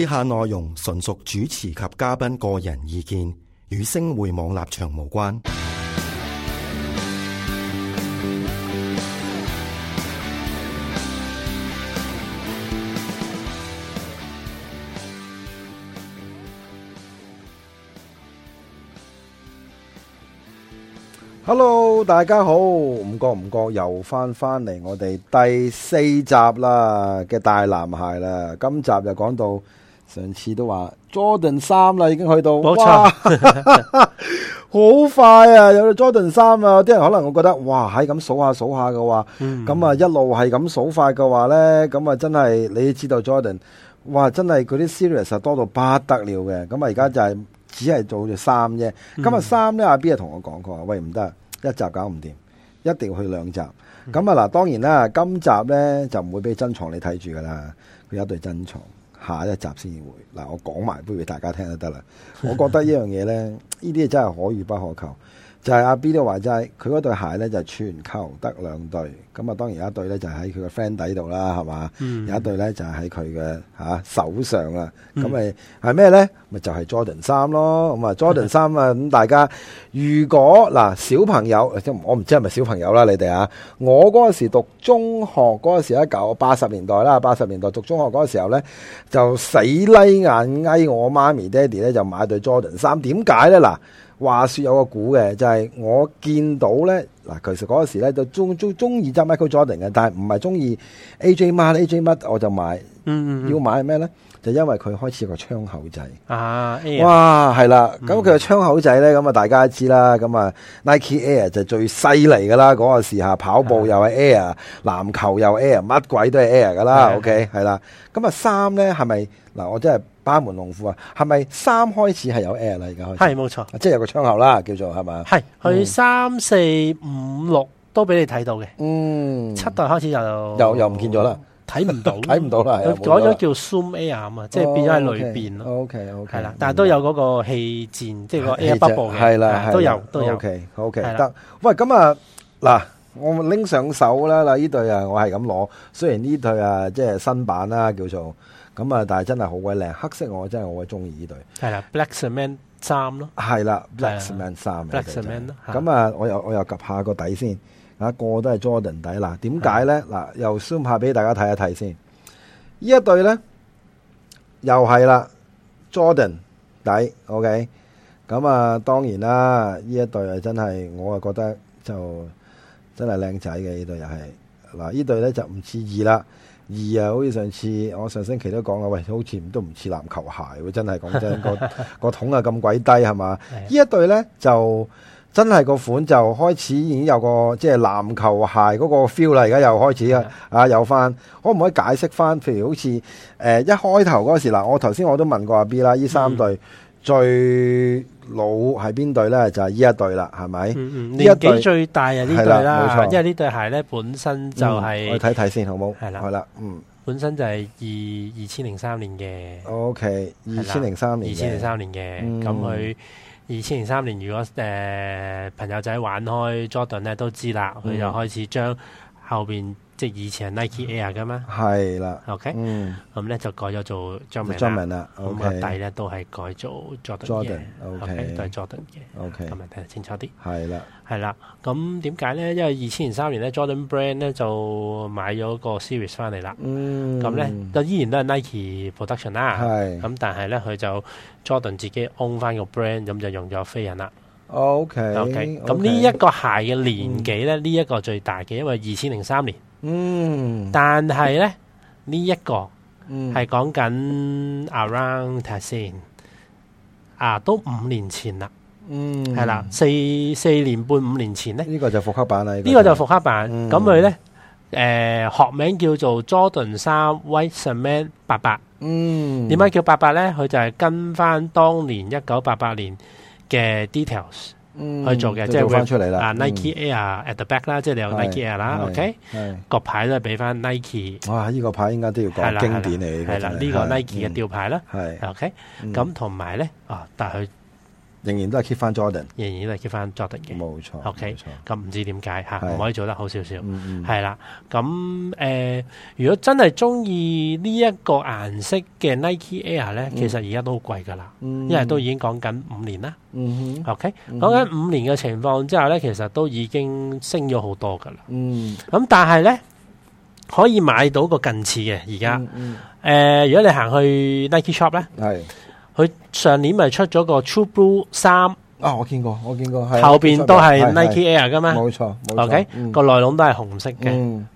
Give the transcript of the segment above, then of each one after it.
以下內容純屬主持及嘉賓個人意見，與星匯網立場無關。Hello，大家好，唔覺唔覺又翻翻嚟我哋第四集啦嘅大男孩啦，今集就講到。上次都話 Jordan 三啦，已經去到，冇錯，好快啊！有了 Jordan 三啊，啲人可能會覺得哇，喺咁數下數下嘅話，咁啊、嗯、一路係咁數法嘅話咧，咁啊真係你知道 Jordan，哇，真係佢啲 series 多到不得了嘅，咁啊、就是嗯、而家就係只係做咗三啫，咁啊三咧阿 B 啊同我講過，喂唔得，一集搞唔掂，一定要去兩集，咁啊嗱，當然啦，今集咧就唔會俾珍藏你睇住噶啦，佢有一對珍藏。下一集先會，嗱，我講埋杯俾大家聽就得啦。的我覺得依樣嘢咧，呢啲嘢真係可遇不可求。就係阿 B 都話，就係佢嗰對鞋咧，就全球得兩對。咁啊，當然有一對咧就喺佢嘅 friend 底度啦，係嘛？有、mm hmm. 一對咧就喺佢嘅吓手上啦。咁咪係咩咧？咪、hmm. 就係、就是、Jordan 三咯。咁啊，Jordan 三啊，咁大家如果嗱小朋友，即我唔知係咪小朋友啦，你哋啊，我嗰時讀中學嗰、那個、時一九八十年代啦，八十年代讀中學嗰個時候咧，就死拉硬拉我媽咪爹哋咧就買對 Jordan 三，點解咧嗱？話說有個股嘅，就係、是、我見到咧，嗱，其實嗰時咧就中中中意揸 Michael Jordan 嘅，但係唔係中意 AJ 乜，AJ 乜我就買。嗯,嗯，嗯、要買係咩咧？就因為佢開始個窗口仔啊！啊哇，係啦，咁佢個窗口仔咧，咁啊，大家知啦，咁啊 Nike Air 就最犀利噶啦，嗰個時下跑步又 Air，籃是的 球又 Air，乜鬼都係 Air 噶啦是的，OK，係啦。咁啊，三咧係咪嗱？我真係～巴門龍虎啊，係咪三開始係有 Air 啦？而家開始係冇錯，即係有個窗口啦，叫做係咪？係佢三四五六都俾你睇到嘅，嗯，七代開始就，又又唔見咗啦，睇唔到，睇唔到啦。佢改咗叫 Zoom Air 啊嘛，即係變咗喺裏邊 OK OK，係啦，但係都有嗰個氣墊，即係個 Air Bubble 嘅，係啦，都有都有。OK OK，得喂咁啊嗱。我拎上手啦！嗱，呢對啊，我係咁攞。雖然呢對啊，即係新版啦，叫做咁啊，但係真係好鬼靚。黑色我真係好鬼中意呢對。係啦，Black Cement 3咯。係啦，Black Cement 3，Black Cement 咯。咁啊，我又我又夾下個底先。啊，個都係 Jordan 底。呢啦點解咧？嗱，又 zoom 下俾大家睇一睇先。呢一對咧，又係啦，Jordan 底。OK，咁啊，當然啦，呢一對啊，真係我啊覺得就。真係靚仔嘅呢對，又係嗱，呢對呢就唔似二啦，二啊，好似上次我上星期都講啦，喂，好似都唔似籃球鞋，真係講真， 嗰個、嗰個桶啊咁鬼低係嘛？呢是的 一對呢，就真係個款就開始已經有個即係籃球鞋嗰個 feel 啦，而家又開始是的 啊，有又翻，可唔可以解釋翻？譬如好似誒、呃、一開頭嗰時嗱，我頭先我都問過阿 B 啦，呢三對最。嗯老係邊對呢就係、是、依一對啦，係咪、嗯？嗯嗯，年紀最大啊呢對啦，冇錯因為呢對鞋呢本身就係、是嗯，我睇睇先好冇好？係啦了，係啦了，嗯，本身就係二二千零三年嘅。O K，二千零三年，二千零三年嘅。咁佢二千零三年，如果誒、呃、朋友仔玩開 Jordan 呢，都知啦，佢就開始將後邊。即係以前係 Nike Air 噶嘛？係啦，OK，嗯，咁咧就改咗做 Jordan 啦，好，鞋底咧都係改做 Jordan，OK，嘅都係 Jordan 嘅，OK，咁啊，睇得清楚啲，係啦，係啦，咁點解咧？因為二千零三年咧，Jordan Brand 咧就買咗個 Series 翻嚟啦，嗯，咁咧就依然都係 Nike Production 啦，係，咁但係咧佢就 Jordan 自己 own 翻個 brand，咁就用咗飛人啦，OK，OK，咁呢一個鞋嘅年紀咧，呢一個最大嘅，因為二千零三年。嗯，但係咧呢一、呢個係講緊 around 睇 a、嗯、啊都五年前啦，嗯係啦，四四年半五年前呢。呢個就復刻版啦，呢個就復、是、刻版，咁佢、嗯、呢、誒、呃、學名叫做 Jordan 三 White Cement 八八，800，嗯點解叫八八呢？佢就係跟翻當年一九八八年嘅 details。嗯，去做嘅，即係做翻出嚟啦。Nike Air at the back 啦，即係你有 Nike Air 啦。OK，個牌都係俾翻 Nike。哇，呢個牌應該都要講經典嚟，係啦呢個 Nike 嘅吊牌啦。係 OK，咁同埋咧，啊但係佢。仍然都係 keep 翻 Jordan，仍然都係 keep 翻 Jordan 嘅，冇錯。OK，咁唔知點解吓，唔可以做得好少少，係啦。咁誒，如果真係中意呢一個顏色嘅 Nike Air 咧，其實而家都好貴噶啦，因為都已經講緊五年啦。OK，講緊五年嘅情況之下咧，其實都已經升咗好多噶啦。嗯，咁但係咧可以買到個近似嘅而家。誒，如果你行去 Nike Shop 咧，係。佢上年咪出咗個 True Blue 三啊，我見過，我見過，係後邊都係 Nike Air 噶嘛，冇錯，OK 個內籠都係紅色嘅，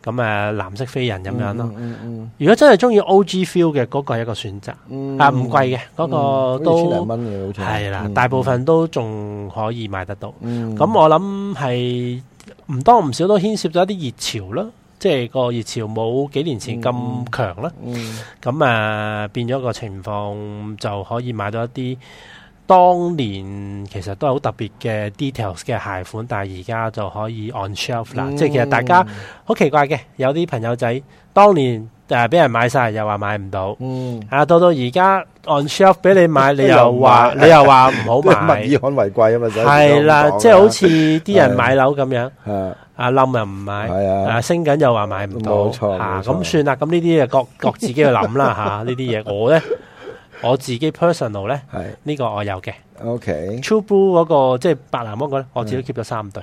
咁誒、嗯、藍色飛人咁樣咯。嗯嗯嗯、如果真係中意 OG feel 嘅，嗰、嗰個係一個選擇，嗯、啊唔貴嘅，嗰、嗰個都千零蚊嘅，好似係啦，大部分都仲可以買得到。咁、嗯、我諗係唔多唔少都牽涉咗一啲熱潮咯。即係個熱潮冇幾年前咁強啦，咁、嗯嗯、啊變咗個情況就可以買到一啲當年其實都係好特別嘅 details 嘅鞋款，但係而家就可以 on shelf 啦。嗯、即係其實大家好奇怪嘅，有啲朋友仔當年誒俾、啊、人買晒，又話買唔到，嗯、啊到到而家 on shelf 俾你買，你又話 買你又話唔好買， 又買物以罕為貴啊嘛，係啦，即係好似啲人買樓咁樣。阿冧又唔買，誒升緊又話買唔到，吓咁算啦。咁呢啲誒，各各自己去諗啦吓。呢啲嘢我咧，我自己 personal 咧，係呢個我有嘅。O K，True Blue 嗰個即係白藍嗰個咧，我自己 keep 咗三對。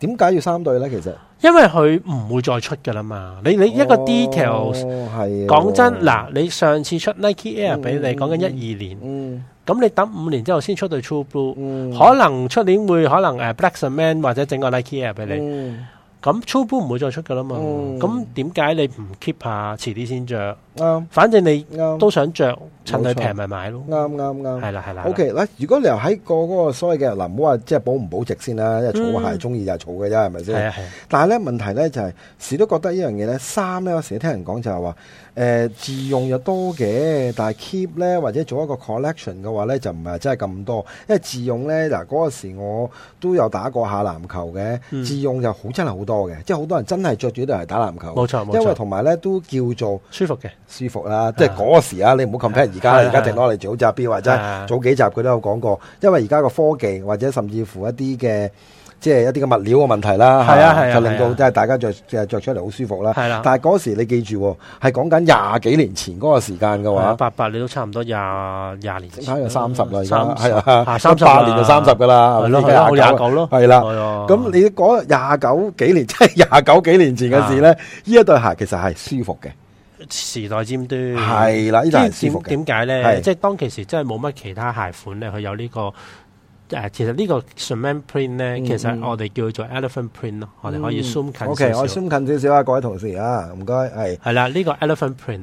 點解要三對咧？其實因為佢唔會再出噶啦嘛。你你一個 details，係講真嗱，你上次出 Nike Air 俾你，講緊一二年。咁你等五年之後先出到 True Blue，、嗯、可能出年會可能誒 Black Cement 或者整個 Nike Air 俾你。嗯咁粗布唔會再出噶啦嘛，咁點解你唔 keep 下，遲啲先着？啱，反正你都想着，趁佢平咪買咯。啱啱啱，係啦係啦。OK，嗱，如果你又喺個嗰個所謂嘅嗱，唔好話即係保唔保值先啦，因為儲鞋中意就儲嘅啫，係咪先？係啊，係啊。但係咧問題咧就係，時都覺得呢樣嘢咧，衫咧我成日聽人講就係話，誒自用又多嘅，但係 keep 咧或者做一個 collection 嘅話咧，就唔係真係咁多。因為自用咧嗱嗰陣時我都有打過下籃球嘅，自用就好真係好。多嘅，即係好多人真係着住呢對鞋打籃球，冇錯冇錯，因為同埋咧都叫做舒服嘅舒服啦，是的即係嗰時啊，的你唔好 compare 而家，而家淨攞嚟做 just b 或者早幾集佢都有講過，因為而家個科技或者甚至乎一啲嘅。即係一啲嘅物料嘅問題啦，係啊係啊，就令到即係大家著嘅著出嚟好舒服啦。係啦，但係嗰時你記住，係講緊廿幾年前嗰個時間嘅話，八八你都差唔多廿廿年前，三十啦，三十，卅年就三十噶啦，係啦，廿九咯，係啦，係啊。咁你嗰廿九幾年，即係廿九幾年前嘅事咧，呢一對鞋其實係舒服嘅，時代尖端係啦，呢對係舒服嘅。點解咧？即係當其時真係冇乜其他鞋款咧，佢有呢個。誒，其實呢個 cement print 咧，其實我哋叫做 elephant print 咯，我哋可以 o o zoom 近。OK，我哋 o o zoom 近少少啊，各位同事啊，唔該，係係啦，呢個 elephant print，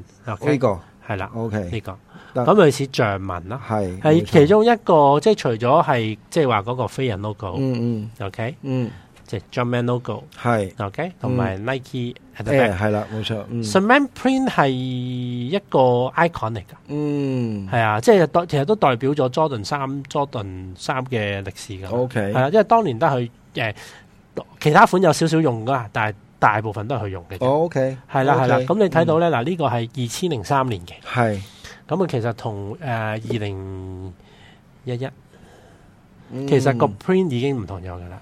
呢個係啦，OK，呢個咁類似象紋啦，係係其中一個，即係除咗係即係話嗰個非人 logo，嗯嗯，OK，嗯。即係 Jumpman logo，係 OK，同埋 Nike，係啦，冇錯。Jumpman print 係一個 icon 嚟噶，嗯，係啊，即係代，其實都代表咗 Jordan 三 Jordan 三嘅歷史噶。OK，係啊，因為當年都係誒，其他款有少少用噶，但係大部分都係佢用嘅。OK，係啦係啦，咁你睇到咧，嗱呢個係二千零三年嘅，係，咁啊其實同誒二零一一，其實個 print 已經唔同咗噶啦。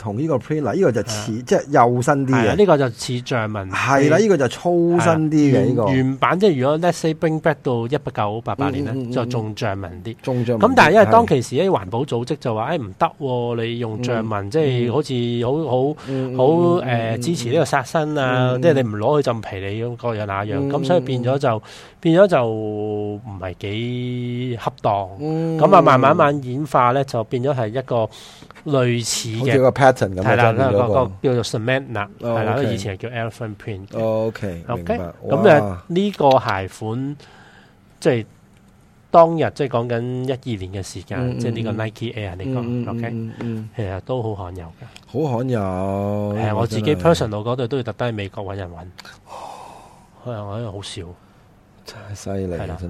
同呢個 printer 呢個就似，即係幼身啲嘅。呢個就似象紋。係啦，呢個就粗身啲嘅呢個原版，即係如果 let's say bring back 到一九八八年咧，就仲象紋啲。仲象紋。咁但係因為當其時啲環保組織就話，誒唔得，你用象紋即係好似好好好誒支持呢個殺生啊！即係你唔攞佢浸皮，你嗰樣那樣。咁所以變咗就變咗就唔係幾恰當。咁啊，慢慢慢演化咧，就變咗係一個。類似嘅，pattern 係啦，嗰個叫做 Cement 呐，係啦，以前係叫 elephant print。O K，咁啊，呢個鞋款即係當日即係講緊一二年嘅時間，即係呢個 Nike Air 呢個。O K，其實都好罕有嘅，好罕有。係我自己 personal 嗰度都要特登去美國揾人揾，係我喺度好少。犀利，真係，嗱是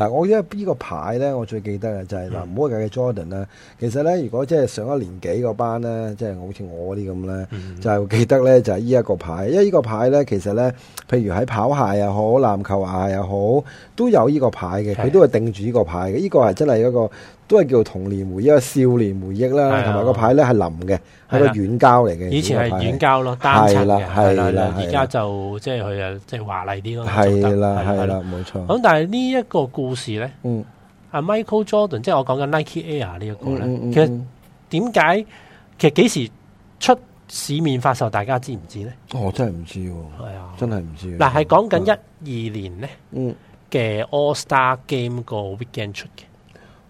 的 我依家呢個牌咧，我最記得嘅就係、是、嗱，唔好計嘅 Jordan 啦。其實咧，如果即係上一年幾個班咧，即係好似我啲咁咧，就記得咧就係呢一個牌。因為呢個牌咧，其實咧，譬如喺跑鞋又好，籃球鞋又好，都有呢個牌嘅，佢都係定住呢個牌嘅。呢是的 個係真係一個。都係叫童年回憶、少年回憶啦，同埋個牌咧係腍嘅，係個軟膠嚟嘅。以前係軟膠咯，單層嘅。係啦，係啦，而家就即係佢啊，即係華麗啲咯。係啦，係啦，冇錯。咁但係呢一個故事咧，嗯，阿 Michael Jordan，即係我講緊 Nike Air 呢一個咧，其實點解其實幾時出市面發售，大家知唔知咧？我真係唔知喎，係啊，真係唔知。嗱，係講緊一二年咧，嗯嘅 All Star Game 個 Weekend 出嘅。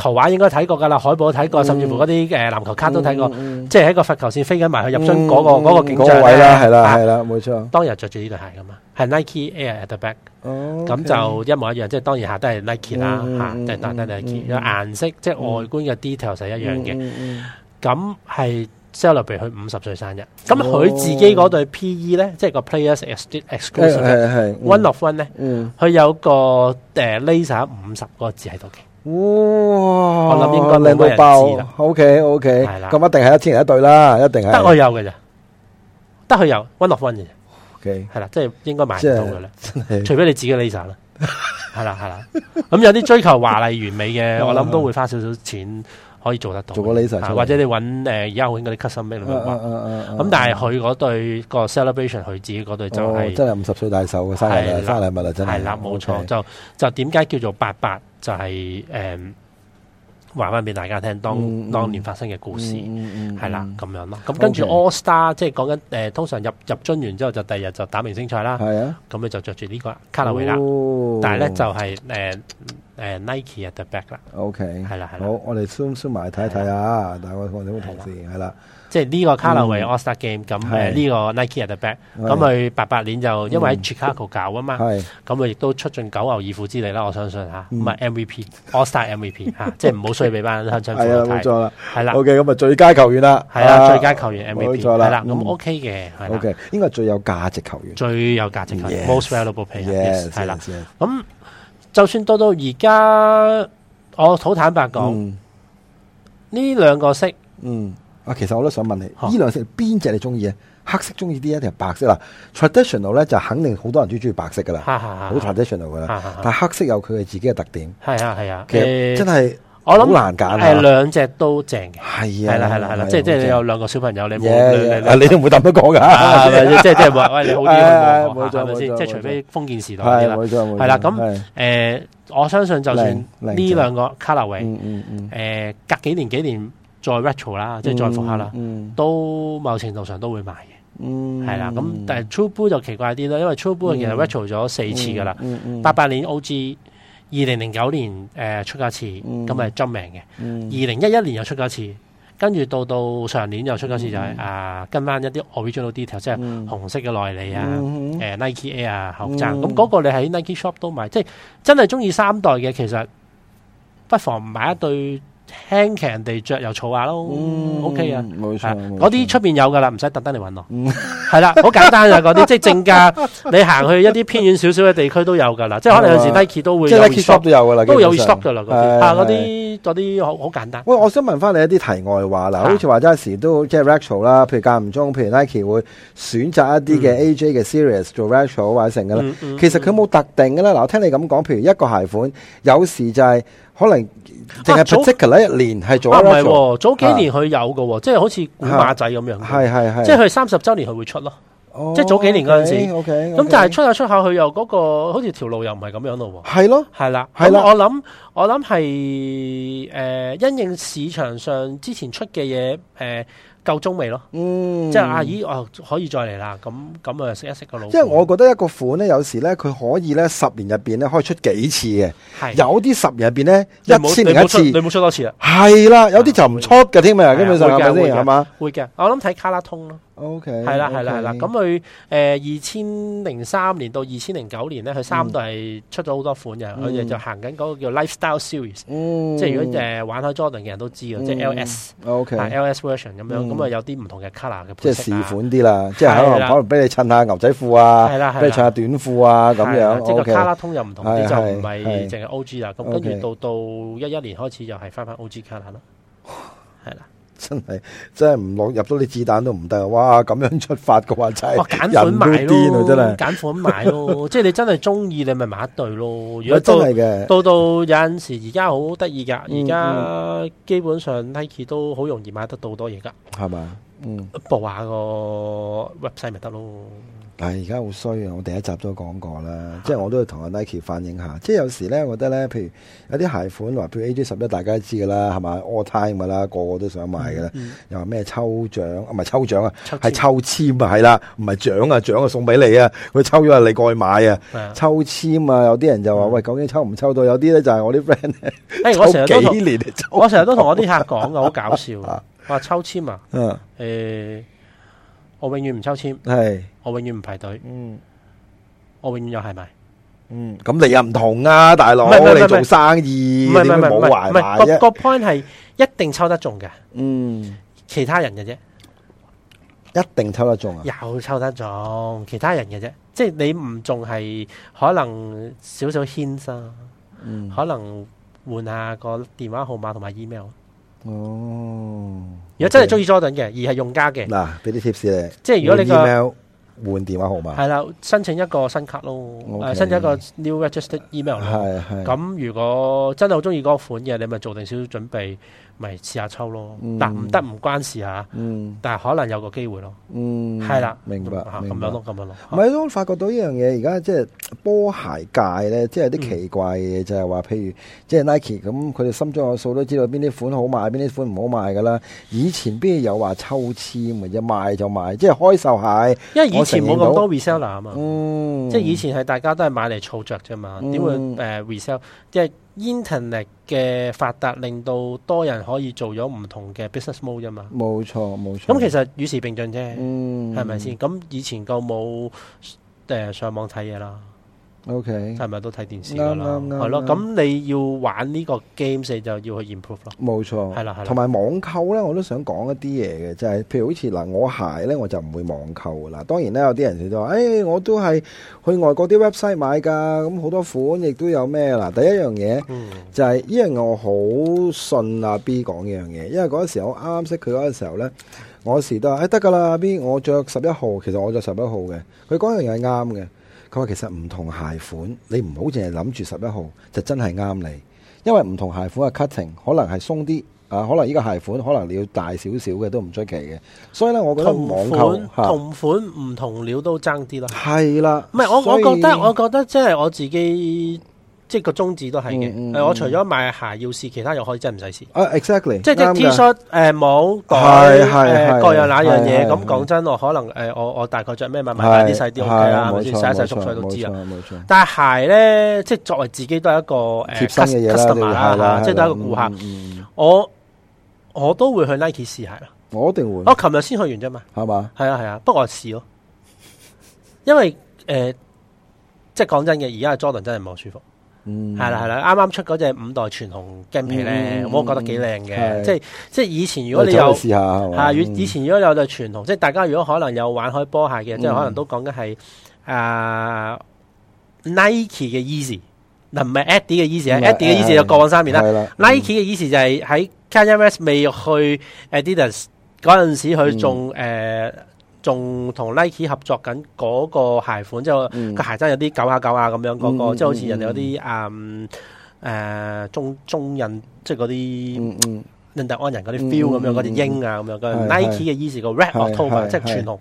圖畫應該睇過噶啦，海報睇過，甚至乎嗰啲誒籃球卡都睇過，即係喺個罰球線飛緊埋去入樽嗰個嗰個景象咧，係啦，係啦，冇錯。當日著住呢對鞋噶嘛，係 Nike Air At The Back，咁就一模一樣，即係當然鞋都係 Nike 啦，嚇都係戴得 Nike。有顏色，即係外觀嘅 detail 係一樣嘅。咁係 celebrate 佢五十歲生日，咁佢自己嗰對 PE 咧，即係個 Players Exclusive，係係係。one of one 咧，佢有個誒 laser 五十個字喺度嘅。哇！我諗應該靚到爆 OK，OK，okay, okay, 咁了一定係一千人一對啦，一定係。得我有嘅咋？得佢有 one of one 嘅。OK，係啦，即係應該買唔到嘅啦，是除非你自己 Lisa 啦。 係啦，係啦。咁有啲追求華麗完美嘅， 我諗都會花少少錢。可以做得到，做個 list 啊，或者你揾誒而家好興嗰啲 cardinal 咁，但係佢嗰對個 celebration，佢自己嗰對就係、是哦、真係五十歲大壽嘅生日，生日禮物啦真係，係啦冇錯，okay 就就點解叫做八八就係、是、誒。嗯話翻俾大家聽，當當年發生嘅故事，係啦咁樣咯。咁 Okay, 跟住 All Star，即係講緊通常入入樽完之後就，就第二日就打明星賽啦。係啊的，咁你就着住、哦、呢個卡拉里啦。但係咧就係、是、誒、uh, uh, Nike at the back 啦。OK，係啦係啦。好，我哋先先睇一睇啊，大家的的我哋冇同事係啦。的的即係呢個卡拉為 All Star Game，咁誒呢個 Nike Air Bag，咁佢八八年就因為喺 Chicago 搞啊嘛，咁佢亦都出盡九牛二虎之力啦，我相信吓，唔係 MVP All Star MVP 吓，即係唔好衰俾班香港人睇。係啊，冇錯啦，係啦。O K，咁啊最佳球員啦，係啦，最佳球員 MVP 係啦，咁 O K 嘅，O K，應該係最有價值球員，最有價值球員 Most Valuable Player 係啦。咁就算到到而家，我好坦白講，呢兩個色，嗯。其實我都想問你，呢兩色邊隻你中意啊？黑色中意啲一定係白色啦？Traditional 咧就肯定好多人最中意白色噶啦，好 traditional 噶啦。但係黑色有佢嘅自己嘅特點。係啊係啊，其實真係我諗難揀，誒，兩隻都正嘅。係啊，係啦係啦即係即係有兩個小朋友，你冇你都唔會咁樣講噶，即係即係話，喂你好啲，冇錯冇錯，係咪先？即係除非封建時代啦，係啦咁誒，我相信就算呢兩個卡 o l 誒隔幾年幾年。再 retro 啦，即係再復刻啦，嗯嗯、都某程度上都會買嘅，係啦、嗯。咁但係 true blue 就奇怪啲啦，因為 true blue 其實 retro 咗四次噶啦，八八、嗯嗯嗯、年 O.G. 二零零九年、呃、出一次，咁咪 Jumpman 命嘅。二零一一年又出一次，跟住到到上年又出一次、就是，就係、嗯、啊跟翻一啲 original detail，即係紅色嘅內裏啊、嗯嗯呃、，Nike Air 啊，後踭。咁嗰、嗯嗯、個你喺 Nike Shop 都買，即係真係中意三代嘅，其實不妨買一對。輕騎人哋着又坐下咯、嗯、，OK 啊的，冇錯，嗰啲出邊有噶啦，唔使特登嚟揾我，係啦、嗯，好簡單啊，嗰啲 即係正價，你行去一啲偏遠少少嘅地區都有噶啦，即係可能有時 Nike 都會，即係 Nike shop 都有噶啦，都有 shop 噶啦啲啊嗰啲。啲好好簡單。喂，我想問翻你一啲題外話啦，好似話有時都即係 retro 啦，譬如間唔中，譬如 Nike 會選擇一啲嘅 AJ 嘅 series 做 retro 或者成嘅咧。其實佢冇特定嘅啦。嗱，我聽你咁講，譬如一個鞋款，有時就係可能淨係 particular 一年係做 retro，啊。啊，唔係啊，早幾年佢有嘅喎，啊、即係好似古馬仔咁樣。係係係，即係佢三十週年佢會出咯。即係早幾年嗰陣時，咁但係出下出下，佢又嗰個好似條路又唔係咁樣咯喎。係咯，係啦。咁我諗，我諗係誒，因應市場上之前出嘅嘢，誒夠中味咯。嗯，即係阿姨哦，可以再嚟啦。咁咁啊，識一識個路。即係我覺得一個款咧，有時咧，佢可以咧，十年入邊咧，可以出幾次嘅。有啲十年入邊咧，一千一次，你冇出多次啊？係啦，有啲就唔出嘅添啊。根本上係咪先？係嘛？會嘅，我諗睇卡拉通咯。O K，係啦，係啦，係啦，咁佢誒二千零三年到二千零九年咧，佢三代係出咗好多款嘅，佢哋就行緊嗰個叫 Lifestyle Series，即係如果誒玩開 Jordan 嘅人都知嘅，即係 L S，O K，L S Version 咁樣，咁啊有啲唔同嘅 color 嘅款式即係款啲啦，即係可能可能俾你襯下牛仔褲啊，係啦係，俾你襯下短褲啊咁樣，即係 color tone 又唔同，啲，就唔係淨係 O G 啦，咁跟住到到一一年開始就係翻翻 O G color 咯，係啦。真係真係唔落入到啲子彈都唔得，哇！咁樣出發嘅話真係人都癲啊是！真係揀款買咯， 即係你真係中意你咪買一對咯。如果真係嘅，到到有陣時而家好得意噶，而家基本上 Nike、嗯嗯、都好容易買得到好多嘢噶，係嘛？嗯，報、呃、下個 website 咪得咯。係而家好衰啊！我第一集都講過啦，啊、即係我都要同阿 Nike 反映一下，即係有時咧，我覺得咧，譬如有啲鞋款，話譬如 AJ 十一，大家都知噶啦，係咪 All Time 噶啦，個個都想買噶啦。嗯嗯又話咩抽獎？唔係抽獎啊，係抽簽籤啊，係啦，唔係獎啊，獎啊送俾你啊，佢抽咗你嚟過去買是啊，抽簽啊。有啲人就話喂，嗯嗯究竟抽唔抽到？有啲咧就係我啲 friend 咧，嘿抽幾年嚟抽。 我成日都同我啲客講，好搞笑啊！我話抽簽啊，誒、欸，我永遠唔抽籤係。我永遠唔排隊，嗯，我永遠又係咪？嗯，咁你又唔同啊，大佬，我哋做生意，唔係唔係唔係，個個 point 係一定抽得中嘅，嗯，其他人嘅啫，一定抽得中啊？有抽得中，其他人嘅啫，即係你唔中係可能少少 hint，可能換下個電話號碼同埋 email，哦，如果真係中意 Jordan 嘅，而係用家嘅，嗱，俾啲 tips 你，即係如果你個。換電話號碼，係啦，申請一個新卡咯，誒 Okay.、呃，申請一個 new registered email，係係。咁 Okay. 如果真係好中意嗰款嘅，你咪做定少少準備。咪試下抽咯，但唔得唔關事吓，但係可能有個機會咯，嗯，係啦，明白咁樣咯，咁樣咯，咪咯，我發覺到依樣嘢，而家即係波鞋界咧，即係有啲奇怪嘅嘢，就係話，譬如即係 Nike 咁，佢哋心中有數，都知道邊啲款好賣，邊啲款唔好賣噶啦。以前邊有話抽籤嘅，或者賣就賣，即係開售鞋，因為以前冇咁多 reseller 啊嘛，嗯，即係以前係大家都係買嚟操着啫嘛，點會誒 resell 即係？Internet 嘅發達令到多人可以做咗唔同嘅 business model 嘛，冇錯冇錯。咁其實與時並進啫，嗯，係咪先？咁以前夠冇、呃、上網睇嘢啦。O K，係咪都睇電視啱啦對白對？係咯，咁你要玩呢個 games，你就要去 improve 咯。冇錯，係啦係啦。同埋網購咧，我都想講一啲嘢嘅，就係、是、譬如好似嗱，我鞋咧我就唔會網購噶啦。當然咧，有啲人佢都話，誒、欸，我都係去外國啲 website 買噶。咁好多款亦都有咩啦。第一樣嘢就係、是，嗯、因為我好信阿 B 講呢樣嘢，因為嗰個時候我啱啱識佢嗰個時候咧，我時都話，誒，得噶啦，B，我着十一號，其實我着十一號嘅。佢講樣嘢係啱嘅。佢話其實唔同鞋款，你唔好淨係諗住十一號就真係啱你，因為唔同鞋款嘅 cutting 可能係鬆啲，啊，可能呢個鞋款可能你要大少少嘅都唔出奇嘅，所以咧，我覺得網購同款同款唔同料都爭啲啦，係啦，唔係我我覺得我覺得即係我自己。即係個宗旨都係嘅，我除咗買鞋要試，其他又可以真係唔使試。啊，exactly，即係即係 T 恤，誒，帽，係係係各樣那樣嘢。咁講真，我可能誒，我我大概着咩物，買啲細啲 OK 啦，冇事，細一細縮水都知啊。但係鞋咧，即係作為自己都係一個誒貼心嘅嘢啦，即係都係一個顧客。我我都會去 Nike 試鞋啦，我一定會。我琴日先去完啫嘛，係嘛？係啊係啊，不過我試咯，因為誒，即係講真嘅，而家嘅 Jordan 真係唔舒服。嗯，係啦係啦，啱、hmm. 啱出嗰隻五代全紅真皮咧，我都覺得幾靚嘅，即係即係以前如果你有，下以前如果你有對全紅，即係大家如果可能有玩開波鞋嘅，mm hmm. 即係可能都講緊係誒 Nike 嘅 Yeezy，嗱唔係 Adi 嘅 Yeezy，Adi 嘅 Yeezy 就過往三年啦、mm hmm.，Nike 嘅 Yeezy 就係喺 Kanye 未去 Adidas 嗰陣時，佢仲誒。Hmm. 仲同 Nike 合作緊嗰個鞋款，即係個鞋真係有啲舊下舊下咁樣嗰個，即係好似人哋嗰啲誒誒中中印，即係嗰啲印第安人嗰啲 feel 咁樣嗰啲鷹啊咁樣。Nike 嘅於是個 Red October 啊，即係全紅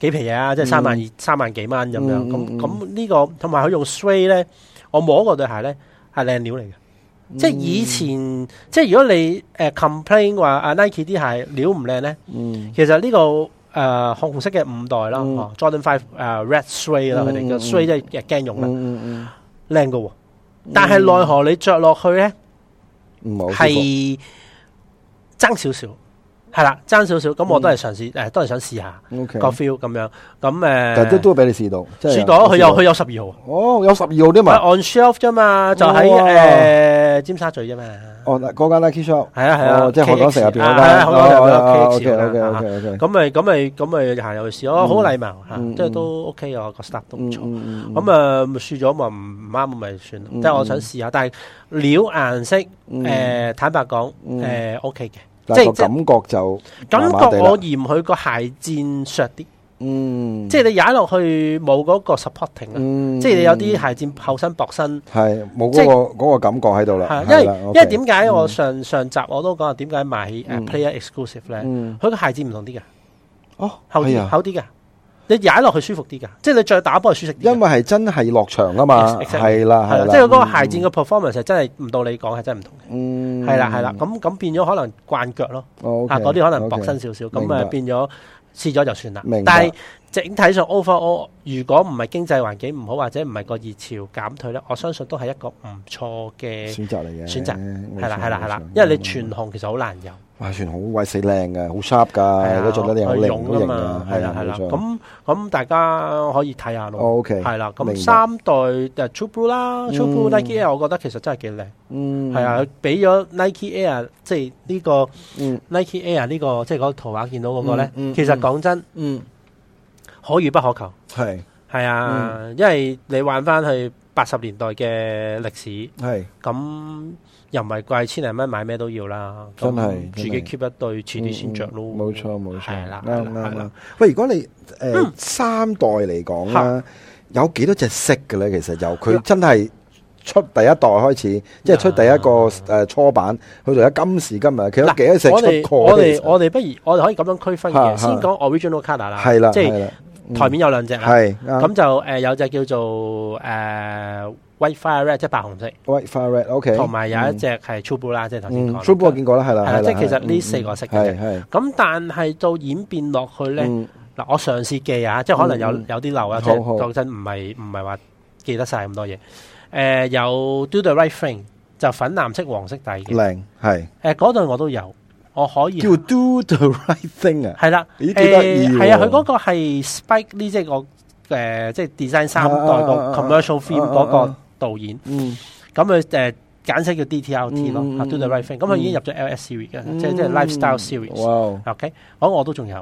幾皮嘢啊，即係三萬二三萬幾蚊咁樣。咁咁呢個同埋佢用 suede 咧，我摸過對鞋咧係靚料嚟嘅。即係以前，即係如果你誒 complain 話阿 Nike 啲鞋料唔靚咧，其實呢個。誒、呃，紅色嘅五代啦、嗯，Jordan Five 誒、呃，Red Three 啦、嗯，佢哋嘅 Three 即係驚用啦，靚嘅，但係奈何你着落去咧，係爭少少。係啦，爭少少咁，我都係嘗試，誒，都係想試下個 feel 咁樣。咁誒，但係都都俾你試到，試到佢又佢有十二號。哦，有十二號啲咪 on shelf 啫嘛，就喺誒尖沙咀啫嘛。哦，嗰間 Nike shop 係啊係啊，即係好多成日見到。係啊，好多就見到。O K O K O K O K，咁咪咁咪咁咪行入去試咯，好禮貌吓，即係都 O K 啊，個 staff 都唔錯。咁啊，輸咗咪唔唔啱，咪算咯。即係我想試下，但係料顏色誒，坦白講誒，O K 嘅。即係感覺就感覺我嫌佢個鞋墊削啲，嗯，即係你踩落去冇嗰個 supporting 啊，即係你有啲鞋墊厚身薄身，係冇嗰個個感覺喺度啦，係，因為因為點解我上上集我都講啊，點解買誒 player exclusive 咧，佢個鞋墊唔同啲㗎，哦，厚啲啊，厚啲㗎。你踩落去舒服啲噶，即係你再打波係舒適啲。因為係真係落場啊嘛，係啦，係啦，即係嗰個鞋戰嘅 performance 真係唔到你講，係真係唔同嘅。嗯，係啦，係啦，咁咁變咗可能慣腳咯，嚇嗰啲可能薄身少少，咁啊變咗試咗就算啦。但係整體上 over all，如果唔係經濟環境唔好，或者唔係個熱潮減退咧，我相信都係一個唔錯嘅選擇嚟嘅選擇。係啦，係啦，係啦，因為你全行其實好難有。賣全好，鬼死靚嘅，好 sharp 噶，都做得靚，好靚，好嘛，係啦，係啦，咁咁大家可以睇下咯。OK，係啦，咁三代就 True Blue 啦，True Blue Nike Air，我覺得其實真係幾靚。嗯，係啊，俾咗 Nike Air，即係呢個 Nike Air 呢個，即係嗰個圖畫見到嗰個咧，其實講真，嗯，可遇不可求。係係啊，因為你玩翻去八十年代嘅歷史，係咁。又唔係貴千零蚊買咩都要啦，真係自己 keep 一對遲啲先著咯。冇錯冇錯，係啦啱啦。喂，如果你誒三代嚟講啦，有幾多隻色嘅咧？其實由佢真係出第一代開始，即係出第一個誒初版，佢就係今時今日，其實有幾多隻色？我哋我哋不如我哋可以咁樣區分嘅，先講 original color 啦，係啦，即係台面有兩隻，係咁就誒有隻叫做誒。White fire red 即係白紅色，White fire red，OK。同埋有一隻係 True Blue 啦，即係頭先講。True Blue 見過啦，係啦，係啦。即係其實呢四個色嘅啫。咁但係到演變落去咧，嗱，我嘗試記啊，即係可能有有啲漏啊，即係當真唔係唔係話記得晒咁多嘢。誒，有 Do the right thing 就粉藍色黃色底嘅，靚係。誒，嗰度我都有，我可以。叫 Do the right thing 啊？係啦，你記得係啊？佢嗰個係 Spike 呢？即係我誒，即係 design 三代個 commercial film 嗰個。導演，咁佢誒簡稱叫 D T L T 咯，Do The Right Thing。咁佢已經入咗 L S series 嘅，即係即係 lifestyle series。OK，我我都仲有，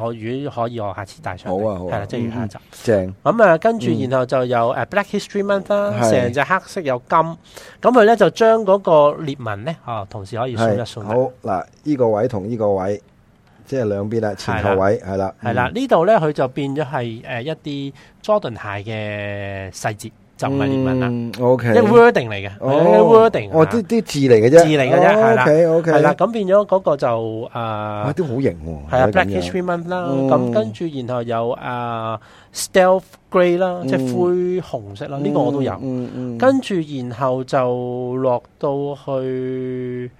我如果可以我下次帶出，係啦，即係下集正。咁啊，跟住然後就有誒 Black History Month 啦，成隻黑色有金。咁佢咧就將嗰個裂紋咧，哦，同時可以數一數。好嗱，呢個位同呢個位，即係兩邊啦，前後位係啦，係啦，呢度咧佢就變咗係誒一啲 Jordan 鞋嘅細節。唔係英文啦，即係 wording 嚟嘅，wording，哦啲啲字嚟嘅啫，字嚟嘅啫，係啦，係啦，咁變咗嗰個就誒，啊，都好型喎，係啊，black history month 啦，咁跟住然後有啊，stealth grey 啦，即係灰紅色啦，呢個我都有，嗯嗯，跟住然後就落到去，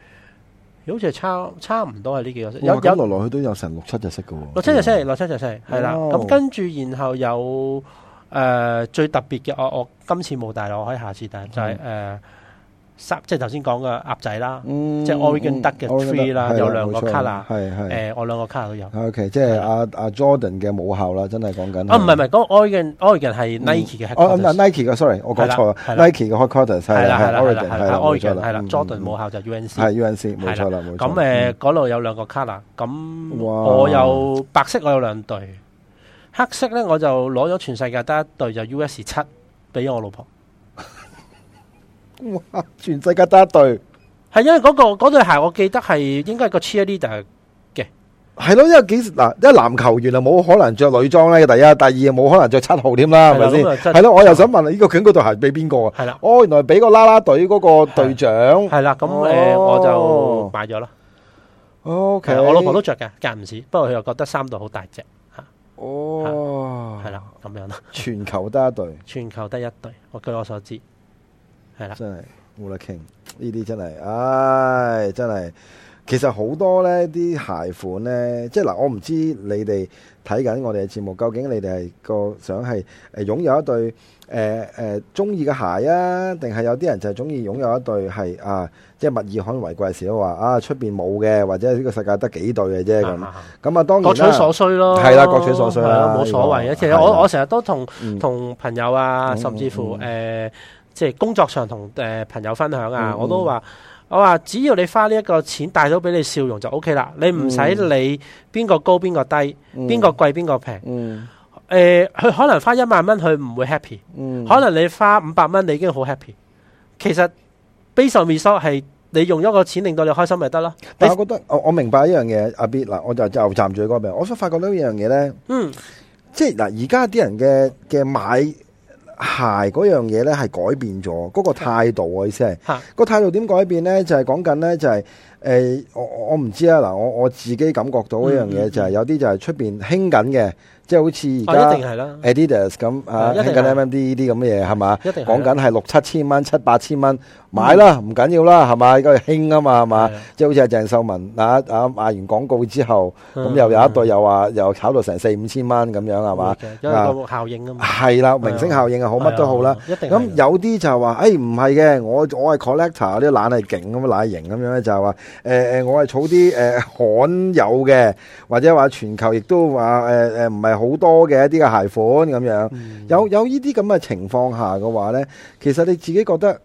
好似係差差唔多係呢幾個色，有有落落去都有成六七隻色嘅，六七隻色，六七隻色，係啦，咁跟住然後有。誒，最特別嘅，我我今次冇帶，我可以下次帶，就係誒，三即係頭先講嘅鴨仔啦，即係 Oregon Duck 嘅 three 啦，有兩個 color 係係，誒我兩個 color 都有。O.K.，即係阿阿 Jordan 嘅母校啦，真係講緊。哦，唔係唔係，嗰 Oregon Oregon 係 Nike 嘅。Nike 嘅，sorry，我講錯啦。Nike 嘅 Hot Colors 係啦係啦，係啦，冇錯啦。係啦，Jordan 母校就 U N C。係 U N C，冇錯啦。咁誒，嗰度有兩個 color，咁我有白色，我有兩對。黑色咧，我就攞咗全世界得一對就 U S 七俾我老婆。哇！全世界得一對，係因為嗰、那個嗰對鞋，我記得係應該係個 cheerleader 嘅。係咯，因為幾嗱，一籃球員啊冇可能着女裝咧。第一，第二冇可能着七號添啦，係咪先？係咯的，我又想問，呢個卷嗰對鞋俾邊個啊？係啦，哦，原來俾個啦啦隊嗰個隊長。係啦，咁誒、哦呃，我就買咗啦。O okay K，我老婆都着嘅，間唔時，不過佢又覺得三度好大隻。哦，係啦、啊，咁樣啦，全球得一對，全球得一對，我據我所知，係啦、哎，真係冇得傾，呢啲真係，唉，真係，其實好多呢啲鞋款呢，即係嗱，我唔知你哋睇緊我哋嘅節目，究竟你哋係個想係擁有一對。誒誒，中意嘅鞋啊，定係有啲人就係中意擁有一對係啊，即係物以罕為貴嘅事咯。話啊，出邊冇嘅，或者呢個世界得幾對嘅啫。咁咁啊，當然、啊、各取所需咯。係啦，各取所需咯，冇、啊、所謂嘅。這個、其實我、啊、我成日都同同、嗯、朋友啊，甚至乎誒，即係、嗯嗯呃就是、工作上同誒、呃、朋友分享啊，嗯、我都話我話，只要你花呢一個錢帶到俾你笑容就 OK 啦，你唔使理邊個高邊個低，邊、嗯、個貴邊個平。嗯嗯誒，佢、呃、可能花一萬蚊，佢唔會 happy。嗯，可能你花五百蚊，你已經好 happy。其實 base on 回收係你用咗個錢令到你開心咪得咯。但係我覺得，你我我明白一樣嘢阿 B i 嗱，我就又站住佢嗰邊。我想發覺到一樣嘢咧，嗯即係，即係嗱，而家啲人嘅嘅買鞋嗰樣嘢咧，係改變咗嗰、嗰個態度啊，我意思係吓、嗯、個態度點改變咧？就係講緊咧，就係誒，我我唔知啦。嗱，我我，我自己感覺到一樣嘢就係、係嗯嗯、有啲就係出邊興緊嘅。即係好似而家一定係啦，Adidas 咁啊，興緊 MMD 呢啲咁嘅嘢係嘛？一定講緊係六七千蚊、七八千蚊買啦，唔緊要啦係嘛？而家興啊嘛係嘛？即係好似阿鄭秀文啊啊賣完廣告之後，咁又有一對又話又炒到成四五千蚊咁樣係嘛？有個效應啊嘛。係啦，明星效應又好乜都好啦。一定。咁有啲就係話誒唔係嘅，我我係 collector 啲懶係勁咁樣懶型咁樣就係話誒誒，我係儲啲誒罕有嘅，或者話全球亦都話誒誒唔係。好多嘅一啲嘅鞋款咁樣，嗯、有有呢啲咁嘅情況下嘅話呢，其實你自己覺得，誒、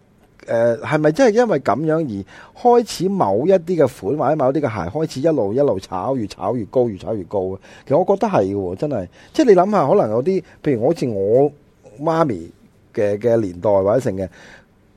呃，係咪真係因為咁樣而開始某一啲嘅款或者某一啲嘅鞋開始一路一路炒越炒越高越炒越高啊？其實我覺得係嘅，真係，即係你諗下，可能有啲，譬如我好似我媽咪嘅嘅年代或者成嘅。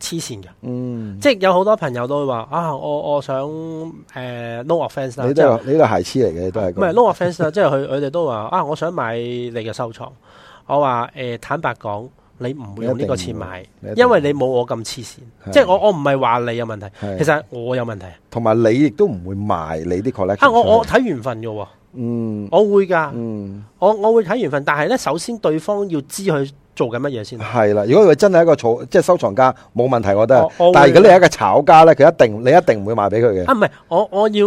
黐線嘅。嗯，即係有好多朋友都會話啊，我我想誒 no offence 啦你即係你個鞋痴嚟嘅，都係。唔係 no offence 啦即係佢佢哋都話啊，我想買你嘅收藏，我話誒坦白講，你唔會用呢個錢買，因為你冇我咁黐線，即係我我唔係話你有問題，其實我有問題，同埋你亦都唔會賣你啲 collection 啊，我我睇緣分嘅喎，嗯，我會㗎，嗯，我我會睇緣分，但係咧，首先對方要知佢做緊乜嘢先？係啦，如果佢真係一個儲，即係收藏家，冇問題，我覺得。但係如果你係一個炒家呢，佢一定，你一定唔會賣俾佢嘅。啊，唔係，我我要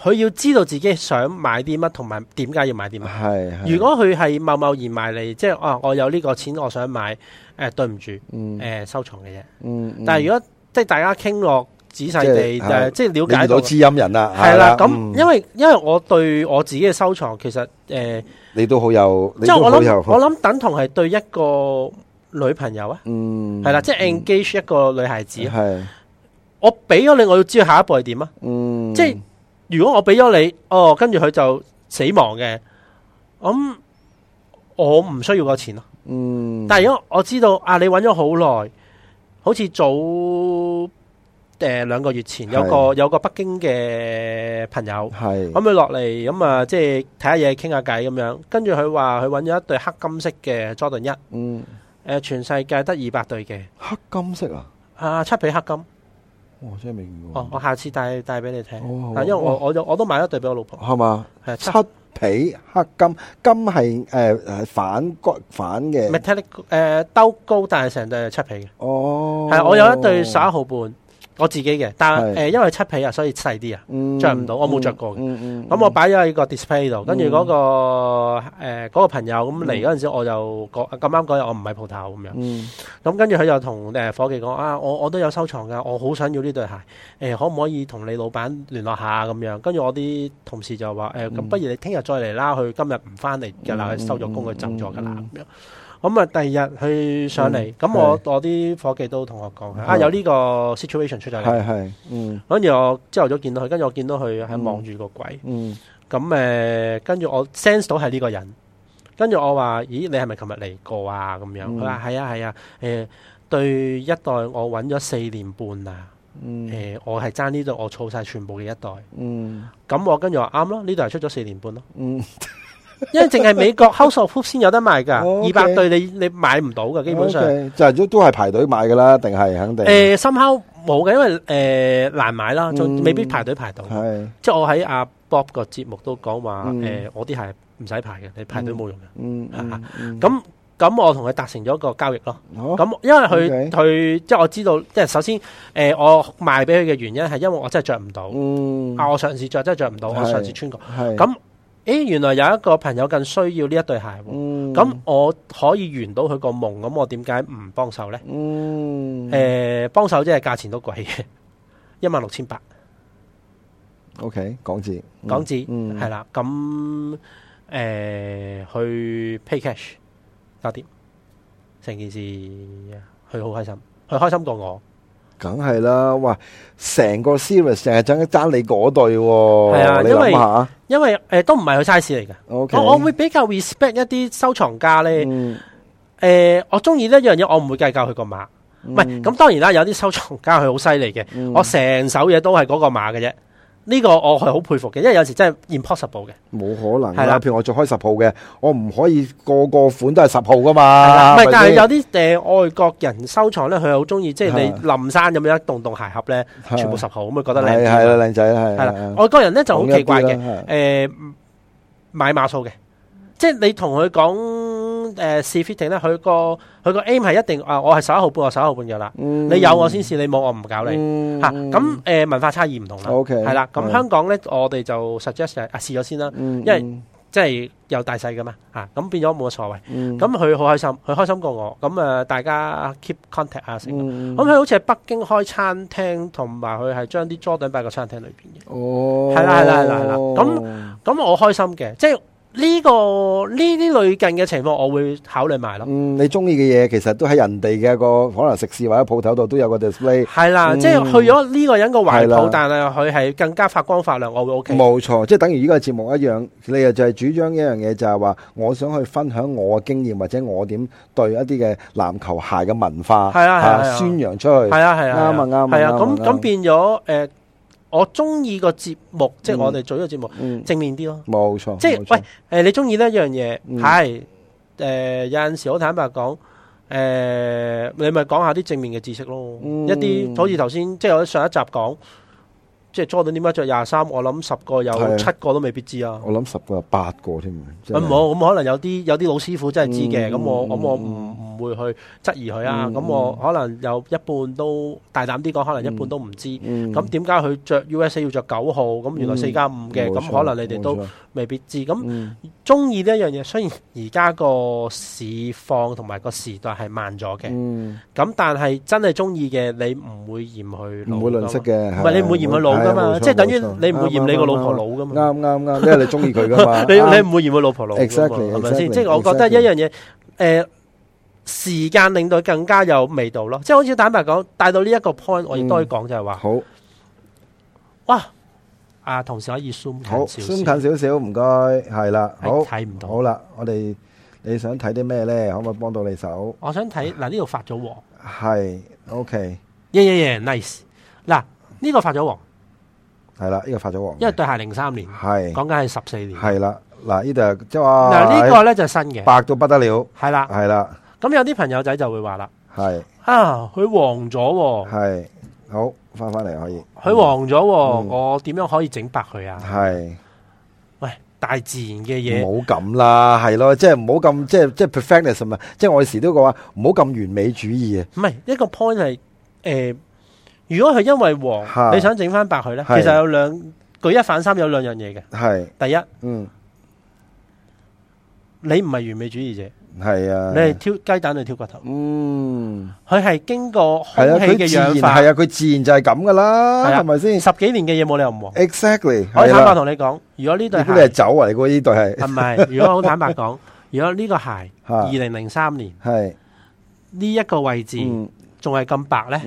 佢要知道自己想買啲乜，同埋點解要買啲乜。係，是的 如果佢係貿貿然買嚟，即係啊我有呢個錢，我想買誒、呃，對唔住，誒、呃，收藏嘅嘢、嗯。嗯。但係如果即係大家傾落，仔細地即係是了解到，到知音人啦。係啦的，咁、嗯、因為因為我對我自己嘅收藏，其實誒。呃你都好有，即係我諗，我諗等同係對一個女朋友啊，嗯，係啦、啊，即係 engage 一個女孩子、啊，係、嗯，是我俾咗你，我要知道下一步係點啊，嗯，即係如果我俾咗你，哦，跟住佢就死亡嘅，咁我唔需要個錢咯、啊，嗯，但係如果我知道啊，你揾咗好耐，好似早。誒，兩個月前有個有個北京嘅朋友，咁佢落嚟咁啊，即係睇下嘢，傾下偈咁樣。跟住佢話佢揾咗一對黑金色嘅 Jordan 一，嗯，誒，全世界得二百對嘅黑金色啊，啊，漆皮黑金，我真係未見過。我下次帶帶俾你睇，嗱，因為我我又我都買一對俾我老婆，係嘛，漆皮黑金，金係誒誒反光反嘅，metallic，誒兜高，但係成對係漆皮嘅，哦，係啊，我有一對十一號半。我自己嘅，但誒是、呃、因為七皮啊，所以細啲啊，着唔、嗯、到，我冇着過嘅。咁、嗯嗯嗯、我擺咗喺個 display 度，跟住嗰個誒嗰、呃那個、朋友咁嚟嗰陣時，我就講咁啱嗰日我唔係鋪頭咁樣。咁、嗯、跟住佢就同伙夥計講啊，我我都有收藏噶，我好想要呢對鞋。誒、呃、可唔可以同你老闆聯絡下咁樣？跟住我啲同事就話誒，咁、嗯欸、不如你聽日再嚟啦，佢今日唔翻嚟㗎啦，嗯、收咗工佢浸咗㗎啦咁咁啊，第二日去上嚟，咁我我啲伙計都同我講，啊有呢個 situation 出咗嚟。係係，嗯，跟住我朝頭早見到佢，跟住我見到佢喺望住個鬼。嗯，嗯，嗯，咁跟住我 sense 到係呢個人，跟住我話：咦，你係咪琴日嚟過啊？咁樣佢話係啊係啊係啊，誒、啊啊、對一代我揾咗四年半啊、嗯嗯欸，我係爭呢度，我儲晒全部嘅一代。嗯,嗯，咁我跟住話啱囉，呢度係出咗四年半咯。嗯。嗯因為淨係美國 House of Hoops 先有得賣噶，二百對你你買唔到噶，基本上就都都係排隊買噶啦，定係肯定。誒，深口冇嘅，因為誒難買啦，仲未必排隊排到。係即係我喺阿 Bob 個節目都講話，誒我啲鞋唔使排嘅，你排隊冇用嘅。咁咁，我同佢達成咗一個交易咯。咁因為佢佢即係我知道，即係首先誒我賣俾佢嘅原因係因為我真係着唔到，啊我上次着真係着唔到，我上次穿過，咁。誒原來有一個朋友更需要呢一對鞋，咁、嗯、我可以圓到佢個夢，咁我點解唔幫手呢？誒、嗯呃、幫手即係價錢都貴嘅，一萬六千八。OK 港紙，港紙，嗯，係啦幣。咁、嗯呃、去 pay cash 搞掂，成件事佢好開心，佢開心過我。梗係啦，哇！成個 series 成日爭一爭你嗰對，你諗下，因為誒都唔係佢 size 嚟嘅。我我會比較 respect 一啲收藏家咧，誒，我中意呢一樣嘢，我唔會計較佢個碼。唔係咁，當然啦，有啲收藏家佢好犀利嘅，我成手嘢都係嗰個碼嘅啫。呢個我係好佩服嘅，因為有時真係 impossible 嘅，冇可能。係啦，譬如我做開十號嘅，我唔可以個個款都係十號噶嘛。唔係，但係有啲誒外國人收藏咧，佢好中意，即係你林山咁樣一棟棟鞋盒咧，全部十號咁，咪覺得靚啲。係啦，靚仔啦，係啦。外國人咧就好奇怪嘅，誒買碼數嘅。即係你同佢講誒試 fitting 咧，佢個佢個 aim 係一定啊！我係十一號半，我十一號半嘅啦。嗯、你有我先試，你冇我唔搞你吓。咁誒、嗯啊呃、文化差異唔同 okay，啦，係啦。咁香港咧，okay. 我哋就 suggest 啊試咗先啦，因為、嗯、即係有大細噶嘛吓。咁、啊、變咗冇乜所謂。咁佢好開心，佢開心過我。咁啊，大家 keep contact 啊先。咁佢、嗯啊、好似喺北京開餐廳，同埋佢係將啲 Jordan 擺個餐廳裏邊嘅。哦，係啦係啦係啦係啦。咁咁我開心嘅，即係。呢個呢啲類近嘅情況，我會考慮埋咯。嗯，你中意嘅嘢其實都喺人哋嘅一個可能食肆或者鋪頭度都有個 display。係啦，即係去咗呢個人個懷抱，但係佢係更加發光發亮，我會 OK。冇錯，即係等於呢個節目一樣，你又就係主張一樣嘢，就係話我想去分享我嘅經驗，或者我點對一啲嘅籃球鞋嘅文化係啊宣揚出去。係啊係啊，啱啊啱啊啱啊。咁咁變咗誒我中意個節目，嗯、即係我哋做呢個節目，嗯、正面啲咯，冇錯。即係喂，誒、呃，你中意呢一樣嘢，係誒、嗯呃、有陣時好坦白講，誒、呃，你咪講下啲正面嘅知識咯，嗯、一啲好似頭先，即係我上一集講。即係 Jordan 點解着廿三，我諗十個有七個都未必知啊！我諗十個有八個添啊！啊咁可能有啲有啲老師傅真係知嘅，咁我我我唔唔會去質疑佢啊！咁我可能有一半都大膽啲講，可能一半都唔知。咁點解佢着 U.S.A 要着九號？咁原來四加五嘅，咁可能你哋都未必知。咁中意呢一樣嘢，雖然而家個市況同埋個時代係慢咗嘅，咁但係真係中意嘅，你唔會嫌佢。唔會吝嗇嘅，唔係你唔會嫌佢老。即係等於你唔會嫌你個老婆老噶嘛？啱啱啱，因為你中意佢噶嘛。你你唔會嫌佢老婆老噶嘛？Exactly，係咪先？即係我覺得一樣嘢誒，時間令到更加有味道咯。即係好似坦白講，帶到呢一個 point，我亦都可以講就係話好哇。啊，同事可以 zoom 近少少，zoom 近少少，唔該，係啦，好睇唔到，好啦，我哋你想睇啲咩咧？可唔可以幫到你手？我想睇嗱，呢度發咗黃係，OK，耶耶耶，nice 嗱，呢個發咗黃。係啦，呢個發咗黃，因為對鞋零三年，係講緊係十四年。係啦，嗱呢度即係話，嗱呢個咧就新嘅，白到不得了。係啦，係啦。咁有啲朋友仔就會話啦，係啊，佢黃咗。係好翻翻嚟可以。佢黃咗，我點樣可以整白佢啊？係喂，大自然嘅嘢，唔好咁啦，係咯，即係唔好咁，即係即係 perfectness 嘛，即係我哋時都講話唔好咁完美主義啊。唔係一個 point 係誒。如果佢因為黃，你想整翻白佢咧？其實有兩舉一反三，有兩樣嘢嘅。係第一，嗯，你唔係完美主義者，係啊，你係挑雞蛋去挑骨頭。嗯，佢係經過空氣嘅氧化，係啊，佢自然就係咁噶啦，係咪先？十幾年嘅嘢冇理由唔黃。Exactly，我坦白同你講，如果呢對鞋，你估你係走啊？你估呢對係？唔係，如果我好坦白講，如果呢個鞋二零零三年，係呢一個位置仲係咁白咧？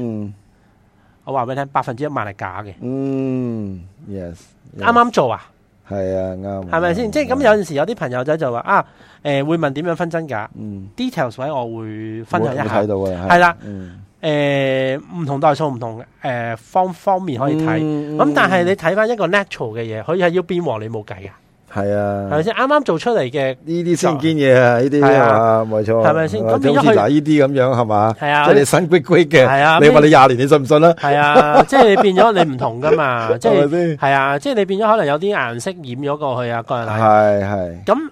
我話俾你聽，百分之一萬係假嘅。嗯，yes，啱、yes，啱做係啊？係、嗯、啊，啱。係咪先？即係咁有陣時有啲朋友仔就話啊，誒，會問點樣分真假、嗯、？details 位我會分享一下。睇到嘅係啦。誒、啊，唔、嗯呃、同代數唔同誒、呃、方方面可以睇。咁、嗯嗯嗯、但係你睇翻一個 natural 嘅嘢，佢係要變黃，你冇計噶。係啊，係咪先啱啱做出嚟嘅呢啲先堅嘢啊？呢啲係啊，冇錯。係咪先咁變咗？就呢啲咁樣係嘛？係啊，即係新歸歸嘅。係啊，你話你廿年，你信唔信啊？係啊，即係你變咗你唔同噶嘛？即係係啊，即係你變咗可能有啲顏色染咗過去啊，個人係係咁。係係